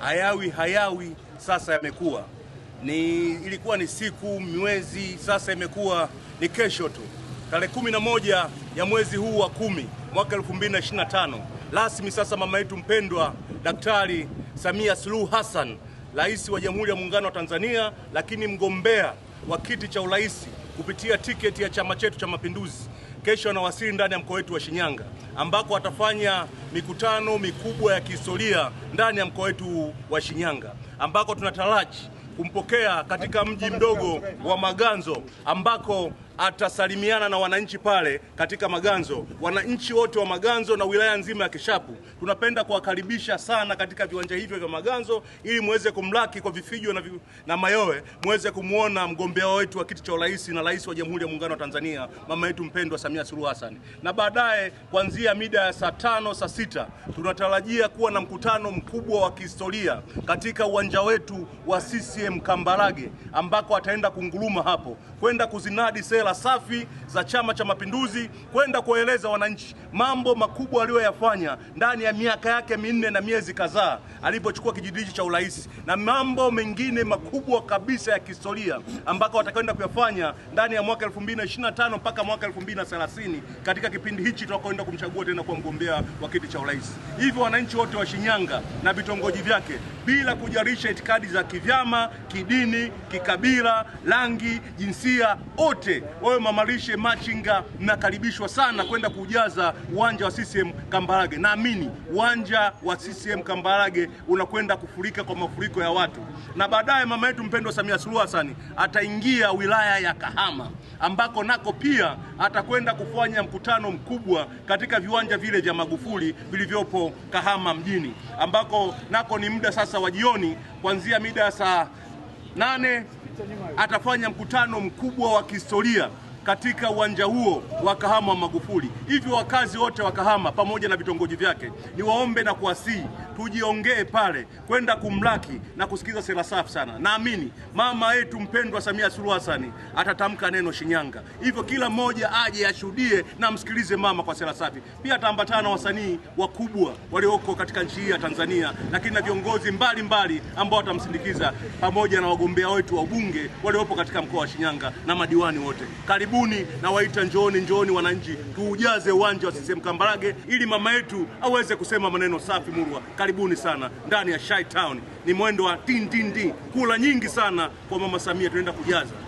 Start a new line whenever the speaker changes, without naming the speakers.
hayawi hayawi, sasa yamekuwa ni ilikuwa ni siku miwezi, sasa imekuwa ni kesho tu. Tarehe kumi na moja ya mwezi huu wa kumi mwaka tano rasmi sasa mama yetu mpendwa Daktari Samia Suluhu Hassan, rais wa Jamhuri ya Muungano wa Tanzania, lakini mgombea wa kiti cha urais kupitia tiketi ya chama chetu cha Mapinduzi, kesho anawasili ndani ya mkoa wetu wa Shinyanga ambako atafanya mikutano mikubwa ya kihistoria ndani ya mkoa wetu wa Shinyanga ambako tunataraji kumpokea katika mji mdogo wa Maganzo ambako atasalimiana na wananchi pale katika Maganzo. Wananchi wote wa Maganzo na wilaya nzima ya Kishapu tunapenda kuwakaribisha sana katika viwanja hivyo vya Maganzo ili muweze kumlaki kwa vifijo na, na mayowe, muweze kumwona mgombea wetu wa kiti cha urais na rais wa Jamhuri ya Muungano wa Tanzania, mama yetu mpendwa Samia Suluhu Hassan. Na baadaye kuanzia mida ya saa tano saa sita tunatarajia kuwa na mkutano mkubwa wa kihistoria katika uwanja wetu wa CCM Kambarage ambako ataenda kunguruma hapo kwenda kuzinadi sera hela safi za Chama cha Mapinduzi kwenda kueleza wananchi mambo makubwa aliyoyafanya ndani ya miaka yake minne na miezi kadhaa alipochukua kijidiji cha urais na mambo mengine makubwa kabisa ya kihistoria ambako watakwenda kuyafanya ndani ya mwaka 2025 mpaka mwaka 2030 katika kipindi hichi tutakwenda kumchagua tena kuwa mgombea wa kiti cha urais. Hivyo wananchi wote wa Shinyanga na vitongoji vyake bila kujarisha itikadi za kivyama, kidini, kikabila, rangi, jinsia, wote wewe mamalishe machinga, mnakaribishwa sana kwenda kujaza uwanja wa CCM Kambarage. Naamini uwanja wa CCM Kambarage unakwenda kufurika kwa mafuriko ya watu, na baadaye mama yetu mpendwa Samia Suluhu Hassan ataingia wilaya ya Kahama ambako nako pia atakwenda kufanya mkutano mkubwa katika viwanja vile vya Magufuli vilivyopo Kahama mjini ambako nako ni muda sasa sasa wa jioni kuanzia mida ya saa nane atafanya mkutano mkubwa wa kihistoria katika uwanja huo wa Kahama wa Magufuli. Hivyo wakazi wote wa Kahama pamoja na vitongoji vyake, niwaombe na kuwasihi tujiongee pale kwenda kumlaki na kusikiza sera safi sana. Naamini mama yetu mpendwa Samia Suluhu Hassan atatamka neno Shinyanga, hivyo kila mmoja aje ashuhudie na msikilize mama kwa sera safi. Pia ataambatana na wasanii wakubwa walioko katika nchi hii ya Tanzania, lakini na viongozi mbalimbali ambao watamsindikiza pamoja na wagombea wetu wa ubunge waliopo katika mkoa wa Shinyanga na madiwani wote. Karibuni na waita, njooni, njooni wananchi, tuujaze uwanja wa CCM Kambarage ili mama yetu aweze kusema maneno safi murwa. Karibuni. Karibuni sana ndani ya Shy Town, ni mwendo wa tin tin tin, kula nyingi sana kwa mama Samia, tunaenda kujaza